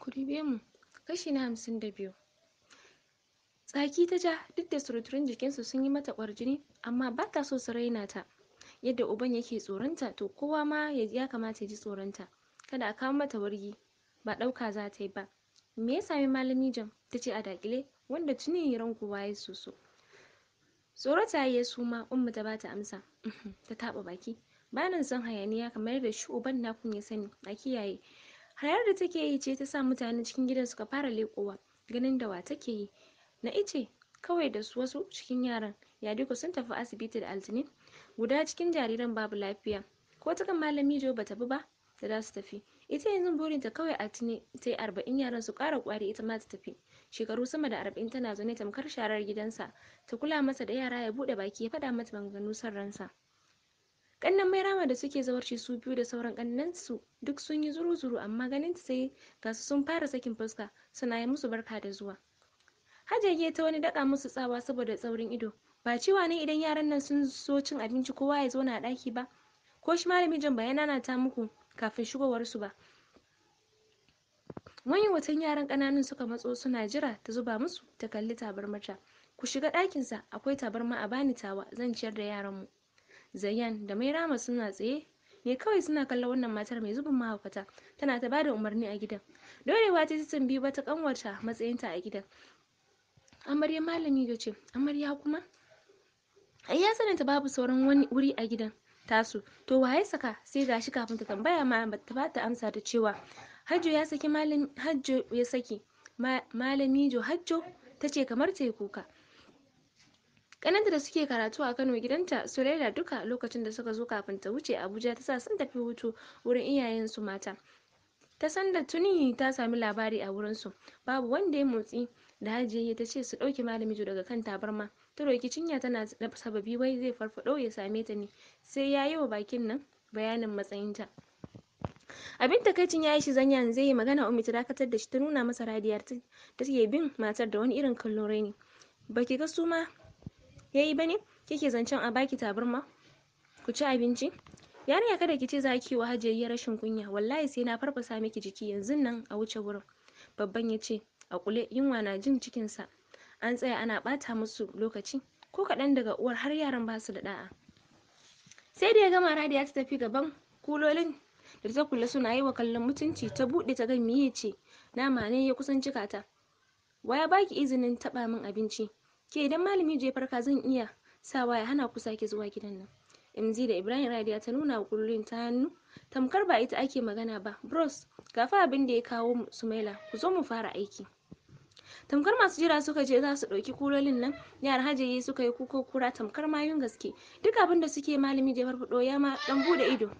Ku ribe mu. Kashi na hamsin da biyu. Tsaki ta ja duk da suruturin jikinsu sun yi mata kwarjini amma ba ta so su raina ta. Yadda uban yake tsoronta to kowa ma ya kamata ya ji tsoronta. Kada a kawo mata wargi ba ɗauka za ta yi ba. Me ya sami malami jam? Ta ce a dakile wanda tuni ran kowa ya soso. Tsoro ta yi suma umma ta bata amsa. Uhm, ta taɓa baki. Bayanin son hayaniya kamar da shi uban nakun ya sani a kiyaye. Hayar da take yi ce ta sa mutane cikin gidan suka fara leƙowa ganin da wa take yi. Na ice kawai da su wasu cikin yaran ya duka sun tafi asibiti da altinin guda cikin jariran babu lafiya ko ta malami jo bata bi ba da za su tafi ita yanzu burinta kawai altine ta yi arba'in yaran su ƙara ƙwari ita ma ta tafi shekaru sama da arba'in tana zaune tamkar sharar gidansa ta kula masa da yara ya buɗe baki ya faɗa mata maganganu son ransa kannan rama da suke zawarci su biyu da sauran su duk sun yi zuru-zuru amma ganin sai gasu sun fara sakin fuska suna yi musu barka da zuwa hajjage ta wani daka musu tsawa saboda tsaurin ido ba cewa ne idan yaran nan sun so cin abinci kowa ya zauna a ɗaki ba ko shi malamin jan bayana na ta muku kafin shigowarsu ba manyan watan yaran ƙananun suka matso suna jira ta zuba musu ta kalli tabarmata ku shiga ɗakinsa akwai tabarma a bani tawa zan ciyar da yaran mu. Zayan da Mairama suna tsaye ne kawai suna kallon wannan matar mai zubin mahaukata tana ta bada umarni a gidan. Dorewa ta titin biyu wata kanwarta matsayinta a gidan. Amarya malami da ce, amarya kuma? Ai ya sananta babu sauran wani wuri a gidan tasu. To waye saka sai gashi kafin ta tambaya ma bata ba ta amsa ta cewa Hajjo ya saki malami Hajjo ya saki malami Hajjo tace kamar tayi kuka. kananta da suke karatu a Kano gidanta Suraira duka lokacin da suka zo kafin ta wuce Abuja ta sa sun tafi hutu wurin iyayensu mata. Ta san da tuni ta sami labari a wurinsu, babu wanda ya motsi da hajiya ta ce su ɗauke malami jo daga kan tabarma. Ta roki cinya tana sababi wai zai farfaɗo ya same ta ne, sai ya yi wa bakin nan bayanin matsayinta. abin takaicin ya yi shi zanyan zai yi magana umi ta dakatar da shi ta nuna masa radiyar ta take bin matar da wani irin kallon ne baki ga su ma yayi bane kike zancen a baki tabarma ku ci abinci yarinya kada ki ce za ki wa hajiyayya rashin kunya wallahi sai na farfasa miki jiki yanzu nan a wuce wurin babban ya ce a kule yunwa na jin cikinsa an tsaya ana ɓata musu lokaci ko kaɗan daga uwar har yaran ba su da ɗa'a sai da ya gama radiya ta tafi gaban kulolin da ta kula suna yi wa kallon mutunci ta buɗe ta ga miye ce nama ne ya kusan cika ta ya baki izinin taɓa min abinci Ke idan malami je farka zan iya sawa ya hana ku sake zuwa gidan nan. MJ da Ibrahim Radiya ta nuna wa Kulrin ta hannu tamkar ba ita ake magana ba. Bros, ga abin da ya kawo Sumaila, ku zo mu fara aiki. Tamkar masu jira suka je za su ɗauki kulolin nan, yar hajiyi suka yi kuka kura tamkar mayun gaske. Duk abin da suke malami jefar Fudo ya ma dan bude ido.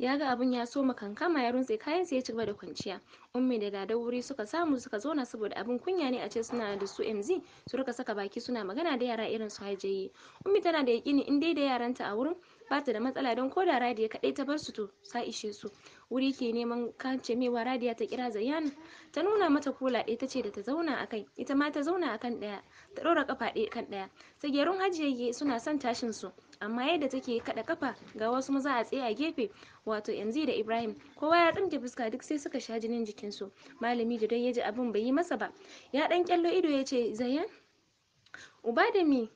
ya ga abun ya soma kankama ya runtse kayan sai ya cigaba da kwanciya ummi da dada wuri suka samu suka zauna saboda abin kunya ne a ce suna da su mz su rika saka baki suna magana da yara irin su hajayi ummi tana da yakini in dai da yaranta a wurin bata da matsala don ko da radiya kaɗai ta bar su to sa ishe su wuri ke neman kance mewa radiya ta kira zayan ta nuna mata kola ɗaya tace da ta zauna a kai ita ma ta zauna a kan ɗaya ta ɗora kafa ɗaya kan ɗaya gerun hajiye suna son tashin su amma yadda take kaɗa kafa ga wasu maza a tsaye a gefe wato yanzu da ibrahim kowa ya tsinke fuska duk sai suka sha jinin jikin su malami da don yaji ji abin bai yi masa ba ya dan kyallo ido ya ce zayan uba da mi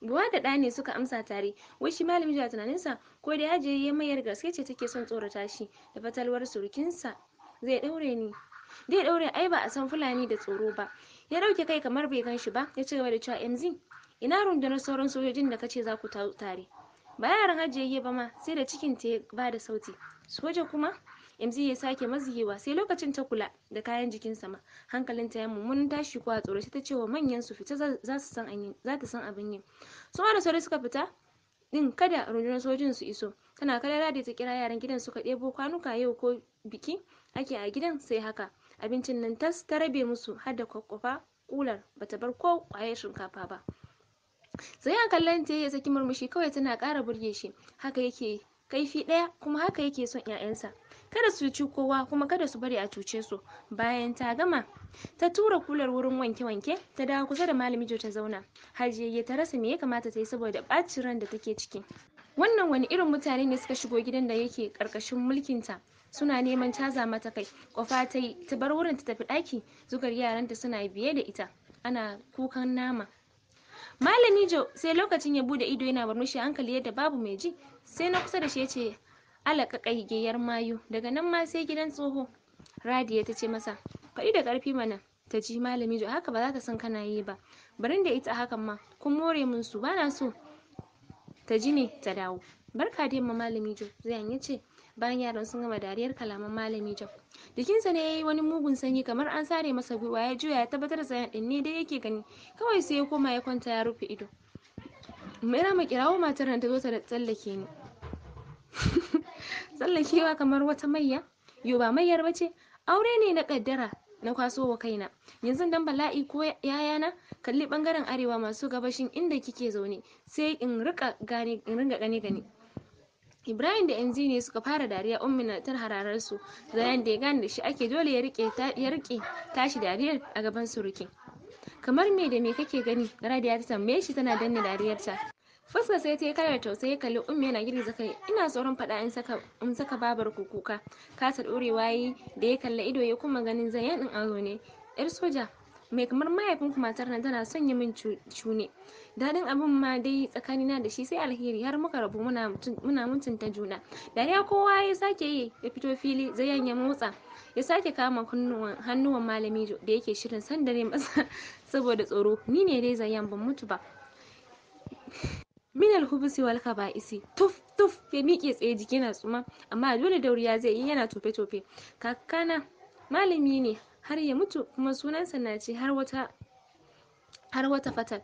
buwa da ɗa ne suka amsa tare wai shi malami da sa ko da ya ya mayar gaske ce take son tsorata shi da fatalwar surukinsa zai daure ni zai daure ai ba a san fulani da tsoro ba ya dauke kai kamar bai gan shi ba ya ci gaba da cewa mz ina rundunar sauran sojojin da kace za ku tare ba yaran ajiye ba ma sai da cikin ta ya da sauti soja kuma MZ ya sake maziyewa sai lokacin ta kula da kayan jikin sama ma ta ya mummunan tashi ko a tsoro sai ta ce wa manyan su fita za su san anyi za san abin yi su ma da sauri suka fita din kada rundunar sojin su iso tana kallon radi ta kira yaran gidan suka debo kwanuka yau ko biki ake a gidan sai haka abincin nan tas ta rabe musu har da kwakwafa kular bata bar ko kwaye shinkafa ba tsaye a kallon ta ya saki murmushi kawai tana ƙara burge shi haka yake kaifi ɗaya kuma haka yake son 'ya'yansa kada su ci kowa kuma kada su bari a cuce su bayan ta gama ta tura kular wurin wanke-wanke ta dawo kusa da malami ta zauna hajiyayye ta rasa me ya kamata ta yi saboda ɓacin ran da take ciki wannan wani irin mutane ne suka shigo gidan da yake ƙarƙashin mulkinta suna neman caza mata kai kwafa ta yi ta bar wurin ta tafi ɗaki zugar yaranta suna biye da ita ana kukan nama malami jo sai lokacin ya bude ido yana murmushi hankali yadda babu mai ji sai na kusa da shi yace alaka kaigeyar mayu daga nan ma sai gidan tsoho radiya ta ce masa faɗi da ƙarfi mana ta ji malami jo haka ba za ta san kana yi ba barin da ita hakan ma kun more min su bana so ta ji ne ta dawo barka dai ma malami jo zayan ya bayan yaran sun gama dariyar kalaman malami Jaf. Jikinsa ne ya yi wani mugun sanyi kamar an sare masa gwiwa ya juya ya tabbatar da ɗin ne dai yake gani kawai sai ya koma ya kwanta ya rufe ido. Mera ma kirawo matar nan ta zo ta tsallake ni. Tsallakewa kamar wata mayya? Yo ba mayyar ba ce, aure ne na kaddara na kwaso wa kaina yanzu dan bala'i ko yayana kalli bangaren arewa masu gabashin inda kike zaune sai in rika gani in ringa gani gani. Ibrahim da MG ne suka fara dariya Ummi na tar hararar su zanen da ya gane da shi ake dole ya rike ya rike tashi dariyar a gaban surukin. Kamar me da me kake gani? Radiya ta tambaye shi tana danne dariyarta. Fuskar sai ta yi kalar tausayi ya kalli Ummi yana girgiza kai. Ina tsoron faɗa in saka in saka babar ku kuka. Kasa ɗorewa yi da ya kalla ido ya kuma ganin zayen ɗin aro ne. 'Yar soja mai kamar mahaifin matar nan tana son yi min cune daɗin abin ma dai na da shi sai alheri har muka rabu muna mutunta juna dariya kowa ya sake yi ya fito fili zayan ya motsa ya sake kama hannuwan malami da yake shirin sandare masa saboda tsoro ni ne dai zayan ban mutu ba minal hubusi wal kaba'isi tuf tuf ya miƙe tsaye jiki na tsuma amma dole da wuri ya zai yi yana tofe tofe kakana malami ne har ya mutu kuma sunansa na ce har wata har wata fatal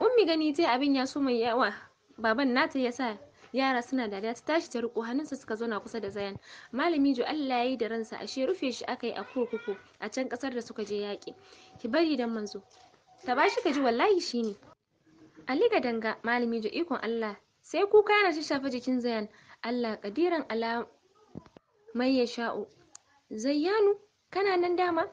ummi gani tayi abin ya so mai yawa baban nata ya sa yara suna dariya ta tashi ta riko hannunsa suka zauna kusa da zayan malami jo Allah ya yi da ransa ashe rufe shi aka yi a kurkuku a can kasar da suka je yaƙi ki bari dan manzo ta bashi ka ji wallahi ne. Ali ga danga malami jo ikon Allah sai kuka yana shafa jikin zayan Allah kadiran ala mai ya sha'u zayyanu kana nan dama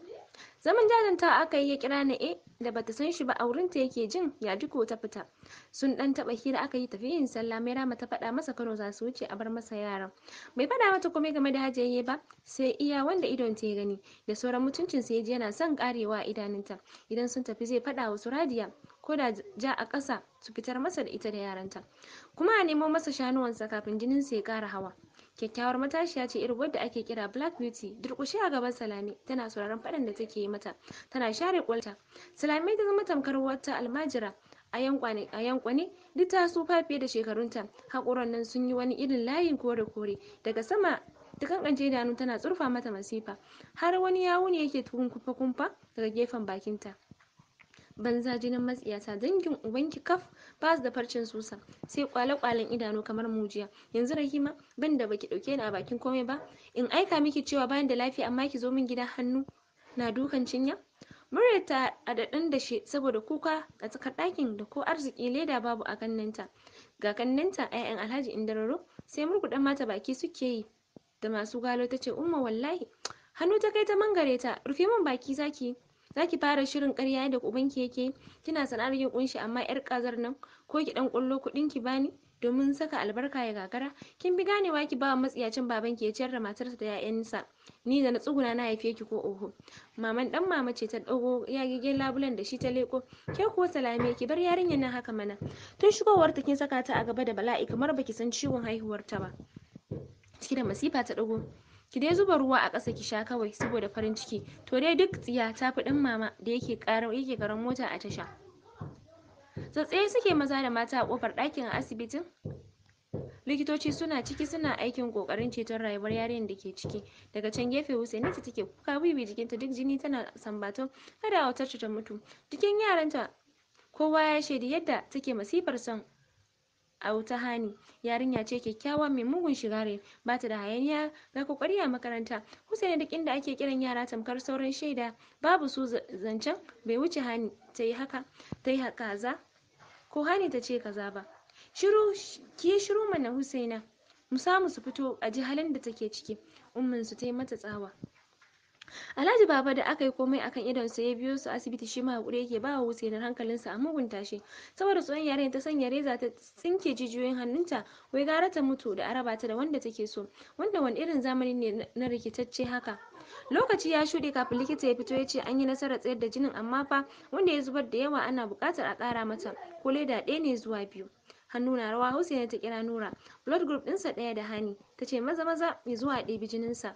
zaman jajanta aka yi ya kira na e eh, da bata san shi ba a wurinta yake jin ya ko ta fita sun dan taba hira aka yi tafi yin sallah mai rama ta faɗa masa kano za su wuce a bar masa yaran bai faɗa mata komai game da hajiyayye ba sai iya wanda idon ta ya gani da sauran mutuncin sa ji yana son karewa a idanunta idan sun tafi zai faɗa wa su radiya ko da ja a ƙasa su fitar masa da ita da yaranta kuma a nemo masa shanuwansa kafin jinin su ya kara hawa Kyakkyawar matashiya ce irin wadda ake kira Black Beauty, durƙushe a gaban salami tana sauraron faɗan da take yi mata, tana share ƙwalta. salami ta zama tamkar wata almajira, a yankwane duk ta tsufa fiye da shekarunta haƙoran nan sun yi wani irin layin kore-kore daga sama ta kankance idanu tana tsurfa mata masifa har wani yawu ne yake kumfa-kumfa daga gefen bakinta banza jinin matsiyata dangin ubanki kaf ba su da farcin susa sai kwale-kwalen idanu kamar mujiya yanzu rahima ban da baki dauke ni a bakin komai ba in aika miki cewa bayan da lafiya amma ki zo min gida hannu na dukan cinya murya ta a daɗin da shi saboda kuka a tsakar ɗakin da ko arziki leda babu a kannanta ga kannanta 'ya'yan alhaji indararo sai murguɗan mata baki suke yi da masu galo ta ce umma wallahi hannu ta kai ta mangare ta rufe min baki zaki zaki fara shirin ƙarya yadda ki yake kina sana'ar yin kunshi amma yar ƙazar nan ko ki ɗan kullo kuɗin ki bani domin saka albarka ya gagara kin bi ganewa ki bawa matsiyacin ki ya ciyar da matarsa da 'ya'yansa ni da na tsuguna na haife ki ko oho maman ɗan mama ce ta dago yagiggen labulan da shi ta leko ke kuwa salame ki bar yarinyar nan haka mana tun shigowar ta kin saka ta a gaba da bala'i kamar baki san ciwon haihuwar ta ba ciki da masifa ta dago ki dai zuba ruwa a ƙasa ki sha kawai saboda farin ciki to dai duk tsiya ta fi ɗin mama da yake ƙarar yake garan mota a tasha tsatsaye suke maza da mata a ƙofar ɗakin a asibitin likitoci suna ciki suna aikin ƙoƙarin ceton rayuwar yarinyar da ke ciki daga can gefe ta take kuka bibi jikinta duk jini tana sambato kada a wutar ta mutu jikin yaranta kowa ya shaidi yadda take masifar son a hani yarinya ce kyakkyawa mai mugun shiga rai ba ta da hayaniya ga kokari a makaranta Husaina duk inda ake kiran yara tamkar sauran shaida babu su zancen bai wuce hani ta yi haka ta yi kaza ko hani ta ce kaza ba shiru ki shiru mana Husaina mu samu su fito a ji halin da take ciki umminsu ta yi mata tsawa Alhaji Baba da aka yi komai akan sa ya biyo su asibiti shi ma hakuri yake ba wa hankalin hankalinsa a mugunta shi. Saboda tsohon yaren ta sanya reza ta tsinke jijiyoyin hannunta wai gara ta mutu da araba ta da wanda take so. Wanda wani irin zamani ne na rikitacce haka. Lokaci ya shuɗe kafin likita ya fito ya ce an yi nasarar tsayar da jinin amma fa wanda ya zubar da yawa ana buƙatar a ƙara mata ko leda ɗaya ne zuwa biyu. hannu na rawa Hussein ta kira Nura blood group ɗinsa ɗaya da Hani tace maza maza ya zuwa a ɗebi jininsa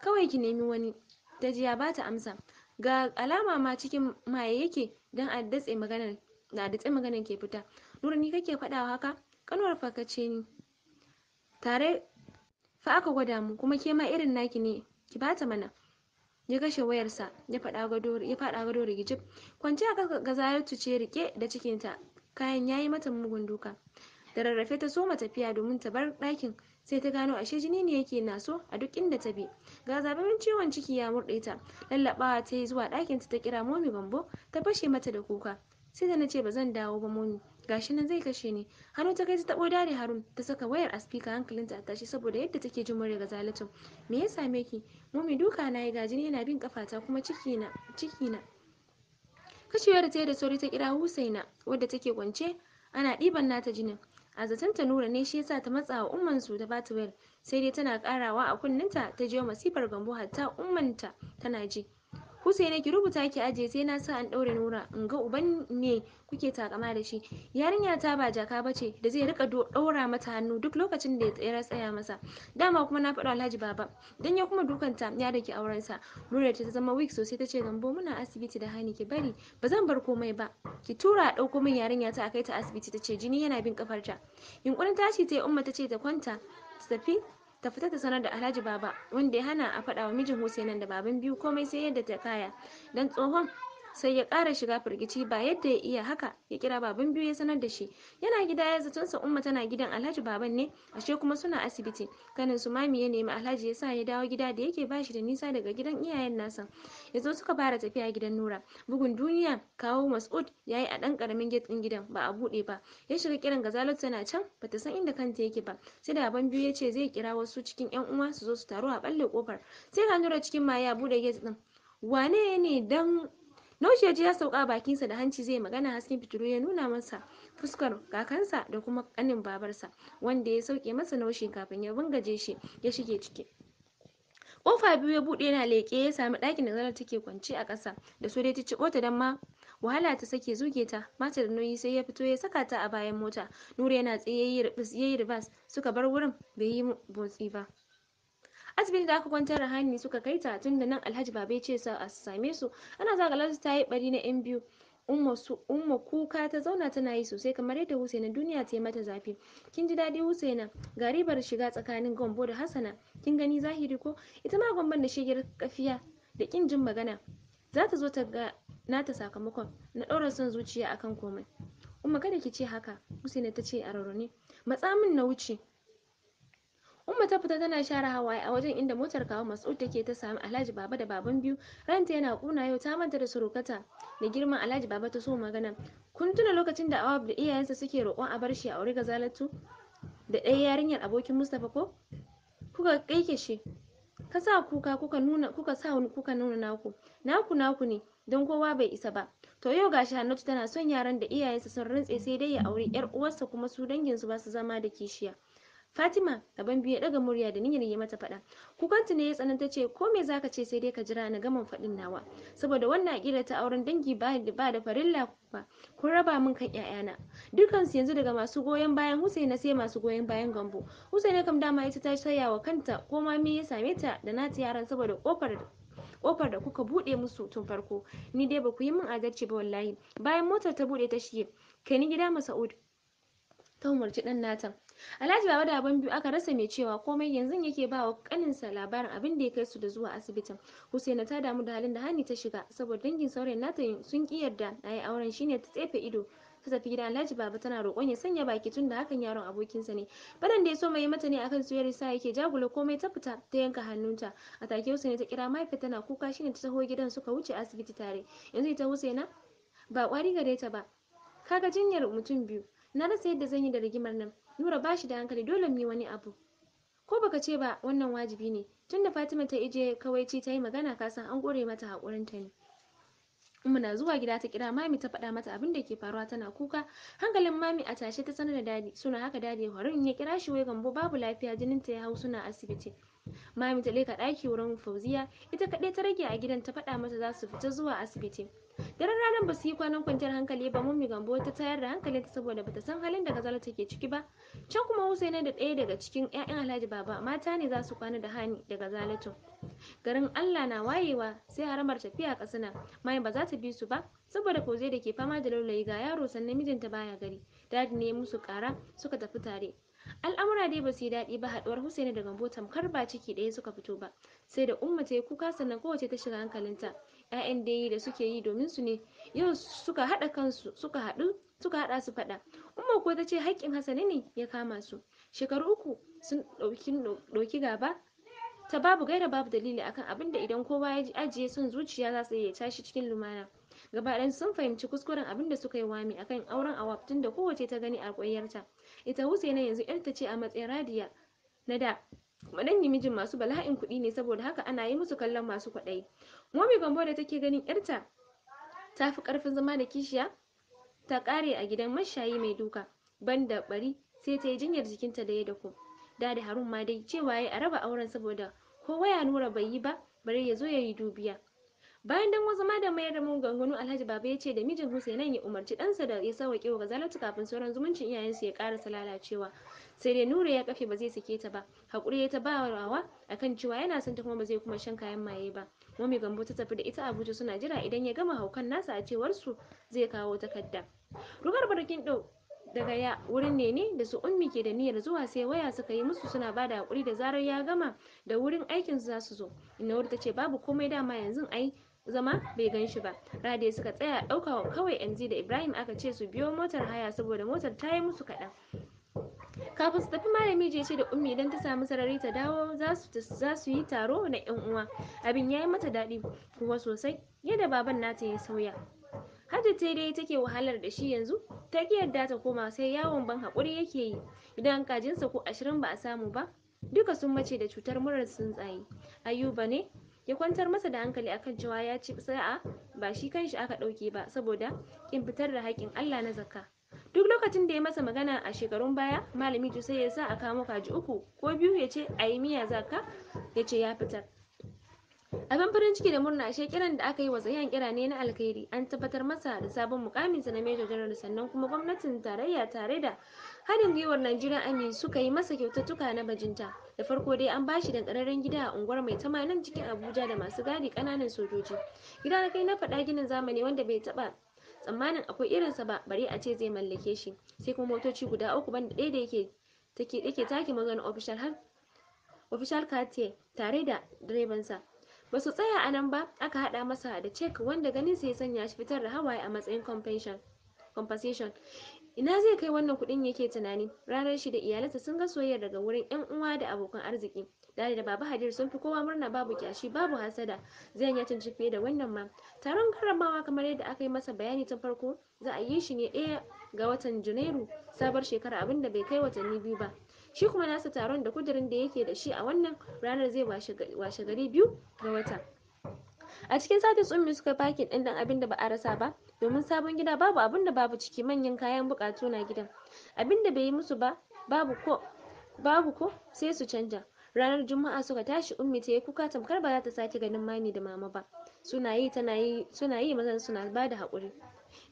kawai ki nemi wani ta ji ya bata amsa ga alama ma cikin maye yake don a datse maganar na datse maganar ke fita nuru ni kake fadawa haka kanwar fakace ni tare fa aka gwada mu kuma ke ma irin naki ne ki bata mana ya kashe wayarsa ya faɗa gado ya faɗa gado rigijib kwanciya ga gazaratu ce rike da cikinta kayan yayi mata mugun duka da rarrafe ta soma tafiya domin ta bar ɗakin sai ta gano ashe jini ne yake naso a duk inda ta bi ga zababin ciwon ciki ya murɗe ta lallaɓawa ta yi zuwa ɗakinta ta kira momi bambo ta fashe mata da kuka sai da na ce ba zan dawo ba momi gashi nan zai kashe ni hannu ta kai ta tabo dare harun ta saka wayar a speaker hankalinta a tashi saboda yadda take jin murya zalatu me ya same ki momi duka na yi gajini yana bin kafata kuma ciki na ciki na kashewar ta da sauri ta kira husaina wadda take kwance ana ɗiban nata jinin a zaton ta nura ne shi yasa ta matsa wa umman su ta bata wayar sai dai tana karawa a kunnen ta jiyo masifar gambo hatta umman ta tana ji ne ki rubuta ki aje sai na sa an ɗaure Nura in ga uban ne kuke takama da shi. Yarinya ta ba jaka bace da zai rika ɗaura mata hannu duk lokacin da ya tsira tsaya masa. Dama kuma na faɗa Alhaji Baba dan ya kuma dukanta ya ki auren sa. Nura ta zama weak sosai tace Gambo muna asibiti da hani ki bari ba zan bar komai ba. Ki tura a ɗauko min yarinya ta a kai ta asibiti tace jini yana bin kafarta. Yunkurin tashi ta yi umma tace ta kwanta ta tafi ta fita ta sanar da Alhaji Baba wanda ya hana a faɗa wa mijin Husainan da baban biyu komai sai yadda ta kaya don tsohon sai ya ƙara shiga firgici ba yadda ya iya haka ya kira baban biyu ya sanar da shi yana gida ya zaton sa umma tana gidan alhaji baban ne ashe kuma suna asibiti kanin su mami ya nemi alhaji ya sa ya dawo gida da yake bashi da nisa daga gidan iyayen nasa ya zo suka fara tafiya gidan nura bugun duniya kawo mas'ud ya yi a ɗan karamin gate din gidan ba a buɗe ba ya shiga kiran gazalot tana can bata san inda kanta yake ba sai da baban biyu ya ce zai kira wasu cikin yan uwa su zo su taru a balle kofar sai ga nura cikin ya buɗe gate din wane ne dan naushi ya sauka bakinsa da hanci zai magana hasken fitiru ya nuna masa fuskar kakansa da kuma kanin babarsa wanda ya sauke masa naushi kafin ya bangaje shi ya shige ciki. Kofa biyu ya buɗe yana leƙe ya sami ɗakin da zarar take kwance a ƙasa da su dai ta ci ta dan ma wahala ta sake zuge ta mata da nauyi sai ya fito ya saka ta a bayan mota Nura yana tsaye yayi ribas suka bar wurin bai yi motsi ba asibiti da aka kwantar da hani suka kai ta tun da nan alhaji babai ce sa a same su ana sa galarsu ta yi bari na yan biyu umma kuka ta zauna tana yi sosai kamar yadda husaina duniya ta yi mata zafi kin ji daɗi husaina ga ribar shiga tsakanin gombo da hasana kin gani zahiri ko ita ma gomban da shigar kafiya da kin jin magana za ta zo ta ga nata sakamakon na ɗora son zuciya akan komai umma kada ki ce haka husaina ta ce a rarrune matsa min na wuce Umma ta fita tana share hawaye a wajen inda motar kawo Mas'ud take ta samu Alhaji Baba da Baban biyu. Ranta yana kuna yau ta manta da surukata da girman Alhaji Baba ta so magana. Kun tuna lokacin da Awab da iyayensa suke roƙon a bar shi a aure Gazalatu da ɗaya yarinyar abokin Mustapha ko? Kuka kaike shi. Ka sa kuka kuka nuna kuka sa kuka nuna naku. Naku naku ne don kowa bai isa ba. To yau gashi Hannatu tana son yaran da iyayensa sun rantse sai dai ya aure ƴar uwarsa kuma su danginsu ba su zama da kishiya. Fatima ban biyu ya daga murya da niyyar yi mata faɗa. Kukanta ne ya tsananta ce ko me zaka ce sai dai ka jira na gaman faɗin nawa saboda wannan akida ta auren dangi ba ba da farilla ba ku raba min kan ƴaƴana. Dukansu yanzu daga masu goyon bayan Husaina sai masu goyon bayan Gambo. Husaina kam dama ita ta saya wa kanta ko ma me ya same ta da nata yaran saboda kofar kofar da kuka bude musu tun farko ni dai ba ku yi min adalci ba wallahi bayan motar ta bude ta shige kai ni gida Masa'ud ta umarci ɗan nata Alhaji Baba da Baban biyu aka rasa mai cewa komai yanzu yake ba wa kaninsa labarin abin da ya kai su da zuwa asibitin. Husaina ta damu da halin da Hani ta shiga saboda dangin saurayin nata sun ki yarda a yi auren shine ta tsefe ido ta tafi gida Alhaji Baba tana roƙon ya sanya baki tun da hakan yaron abokinsa ne. Badan da ya so mai mata ne akan suyar sa yake jagula komai ta fita ta yanka hannunta. A take Husaina ta kira mai tana kuka shine ta taho gidan suka wuce asibiti tare. Yanzu ita Husaina ba kwari gare ta ba. Kaga jinyar mutum biyu. Na rasa yadda zan yi da rigimar nan. Nura ba shi da hankali dole mu yi wani abu. Ko baka ce ba wannan wajibi ne. tun da Fatima ta ije kawaici ta yi magana ka san an kore mata haƙurinta ne. Umma na zuwa gida ta kira mami ta faɗa mata abin da ke faruwa tana kuka. Hankalin mami a tashe ta sanar da dadi. Suna haka dadi in ya kira shi wai gambo babu lafiya jinin ta ya hau suna asibiti. Mami ta leka ɗaki wurin Fauziya, ita kaɗai ta rage a gidan ta faɗa mata za su fita zuwa asibiti. Daren ranar ba su yi kwanan kwanciyar hankali ba mummi gambo ta tayar da hankalinta saboda bata san halin da Gazala take ciki ba. Can kuma Husaina da ɗaya daga cikin ƴaƴan Alhaji Baba mata ne za su kwana da Hani da Gazalatu. Garin Allah na wayewa sai haramar tafiya kasina. Mai ba za ta bi su ba saboda Fauziya da ke fama da laulayi ga yaro sannan mijinta baya gari. Dadi ne musu ƙara suka tafi tare. Al'amura dai ba su yi daɗi ba haɗuwar husaini da Gambo tamkar ba ciki ɗaya suka fito ba. Sai da Umma ta yi kuka sannan kowace ta shiga hankalinta. ‘Ya'yan dai da suke yi domin su ne yau suka haɗa kansu suka haɗu suka haɗa su faɗa. Umma ko ta ce haƙƙin hasani ne ya kama su. Shekaru uku sun ɗauki gaba ta babu gaira babu dalili akan abin da idan kowa ya ajiye son zuciya za su iya tashi cikin lumana. gaba sun fahimci kuskuren abin da suka yi wami akan auren awab tun da kowace ta gani a ƙwayarta ita husaina yanzu yarta ce a matsayin radiya na da kuma dan mijin masu bala'in kuɗi ne saboda haka ana yi musu kallon masu kwaɗayi momi gambo da take ganin yarta ta fi ƙarfin zama da kishiya ta ƙare a gidan mashayi mai duka banda bari sai ta yi jinyar jikinta da ya dako dadi harun ma dai cewa ya a raba auren saboda ko waya nura bai yi ba bari ya zo ya yi dubiya bayan dan wasu da mayar da maganganu alhaji baba ya ce da mijin husainan ya umarci ɗansa da ya sauwaƙe wa gazalatu kafin sauran zumuncin iyayensu ya ƙarasa lalacewa sai dai nura ya kafe ba zai sake ta ba haƙuri ya ta ba wa akan cewa yana son ta kuma ba zai kuma shan kayan maye ba mami gambo ta tafi da ita abuja suna jira idan ya gama haukan nasa a cewar su zai kawo takarda rugar barkin ɗau daga ya wurin ne ne da su ummi ke da niyyar zuwa sai waya suka yi musu suna bada hakuri da zarar ya gama da wurin aikin su zasu zo inawar ta ce babu komai dama yanzu ai zama bai gan shi ba rade suka tsaya ɗauka kawai mg da ibrahim aka ce su biyo motar haya saboda motar ta yi musu kaɗan kafin su tafi malami je ce da ummi idan ta samu sarari ta dawo za su yi taro na yan uwa abin ya yi mata daɗi kuma sosai yadda baban nata ya sauya hajji ta dai take wahalar da shi yanzu ta ki yadda ta koma sai yawon ban haƙuri yake yi idan kajinsa ko ashirin ba a samu ba duka sun mace da cutar murar tsuntsaye ayuba ne ya kwantar masa da hankali akan cewa ya ci sa'a ba shi kanshi aka ɗauke ba saboda ƙin fitar da haƙƙin Allah na zakka duk lokacin da ya masa magana a shekarun baya malami sai ya sa a kamo kaji uku ko biyu ya ce a yi miya zakka ya ce ya fitar Abin farin ciki da murna ashe kiran da aka yi wa Zayan kira ne na alkhairi an tabbatar masa da sabon mukamin mukaminsa na Major General sannan kuma gwamnatin tarayya tare da haɗin gwiwar Nigerian Army suka yi masa kyautattuka na bajinta. Da farko dai an bashi da ƙararren gida a unguwar mai tamanin cikin Abuja da masu gadi kananan sojoji. Gida na kai na fada ginin zamani wanda bai taba tsammanin akwai irinsa ba bari a ce zai mallake shi sai kuma motoci guda uku banda ɗaya da yake take take take maganar official har official tare da direbansa Ba su tsaya a nan ba, aka haɗa masa da cek wanda ganin su ya sanya shi fitar da hawaye a matsayin compensation. Ina zai kai wannan kuɗin yake tunani? Ranar shi da iyalansa sun ga soyayya daga wurin 'yan uwa da abokan arziki. Dadi da Baba Hadir sun fi kowa murna babu kyashi babu hasada. Zayan ya tunci fiye da wannan ma. Taron karamawa kamar yadda aka yi masa bayani ta farko za a yi shi ne ɗaya ga watan Janairu sabar shekara abinda bai kai watanni biyu ba. shi kuma nasa taron da kudirin da yake da shi a wannan ranar zai washe gari biyu ga wata a cikin satin tsummi suka fakin ɗin dan abin da ba a rasa ba domin sabon gida babu abin da babu ciki manyan kayan bukatu na gidan abinda bai yi musu ba babu ko babu ko sai su canja ranar juma'a suka tashi ummi ta yi kuka tamkar ba za ta sake ganin mami da mama ba suna yi tana yi suna yi mazan suna ba da haƙuri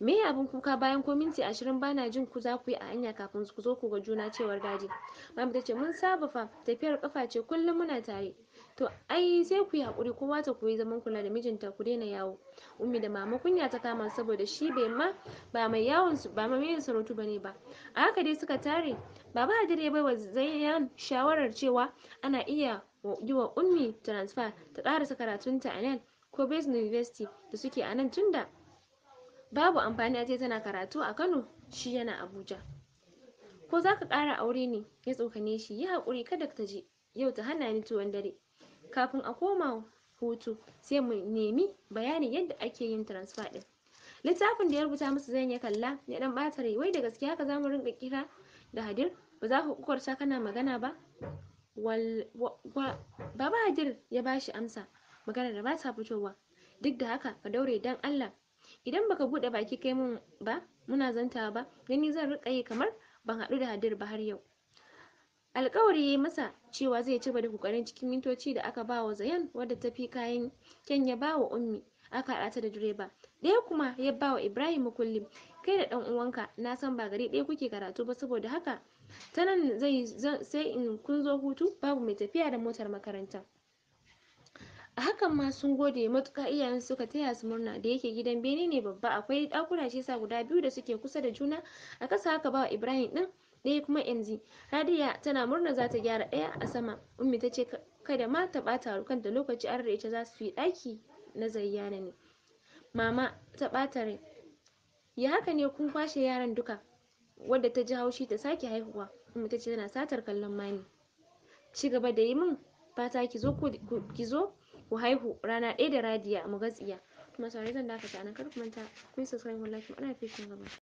me ya abin kuka bayan ko minti ashirin bana jin ku za ku yi a hanya kafin ku zo ku ga juna cewar daji? mami ta mun saba fa tafiyar kafa ce kullum muna tare to ai sai ku yi hakuri kowa ta koyi zaman kula da mijinta ku daina yawo ummi da mama kunya ta kama saboda shi bai ma ba mai yawon su ba mai yin sarautu bane ba a haka dai suka tare baba Hadir ya baiwa Zayyan shawarar cewa ana iya yi wa ummi transfer ta karasa karatunta a nan ko Base University da suke a nan tunda babu amfani ace tana karatu a Kano shi yana Abuja ko za ka kara aure ne ya tsokane shi yi haƙuri kada ka je yau ta hana ni tuwon dare kafin a koma hutu sai mu nemi bayani yadda ake yin transfer ɗin littafin da ya rubuta musu zan ya kalla ya dan bata rai wai da gaske haka zamu rinka kira da hadir ba za ku kukurta kana magana ba wal baba hadir ya bashi amsa magana da ba ta fitowa duk da haka ka daure dan Allah idan baka buɗe baki kai mun ba muna zantawa ba ni zan rika yi kamar ban haɗu da hadir ba har yau alkawari yayi masa cewa zai ci da kokarin cikin mintoci da aka bawa zayan wadda ta fi kayan kyan ya bawa ummi aka haɗa ta da direba ɗaya kuma ya bawa ibrahim kullum kai da ɗan uwanka na san ba gari ɗaya kuke karatu ba saboda haka ta nan zai sai in kun zo hutu babu mai tafiya da motar makaranta a hakan ma sun gode matuƙa iyayen suka taya su murna da yake gidan bene ne babba akwai ɗakuna shi sa guda biyu da suke kusa da juna a ƙasa haka bawa ibrahim ɗin ɗaya kuma yanzu radiya tana murna za ta gyara ɗaya a sama ummi ta ce kada ma ta ɓata rukan da lokaci an da ita za su yi ɗaki na zayyana ne mama ta ɓata rai ya haka ne kun kwashe yaran duka wadda ta ji haushi ta sake haihuwa ummi ta ce tana satar kallon mani ci gaba da yi min fata ki ki zo ku haihu rana ɗaya da radiya mu gaskiya kuma saurari zan dakata nan kar ku manta ku yi subscribe ku like mu ana fitin gaba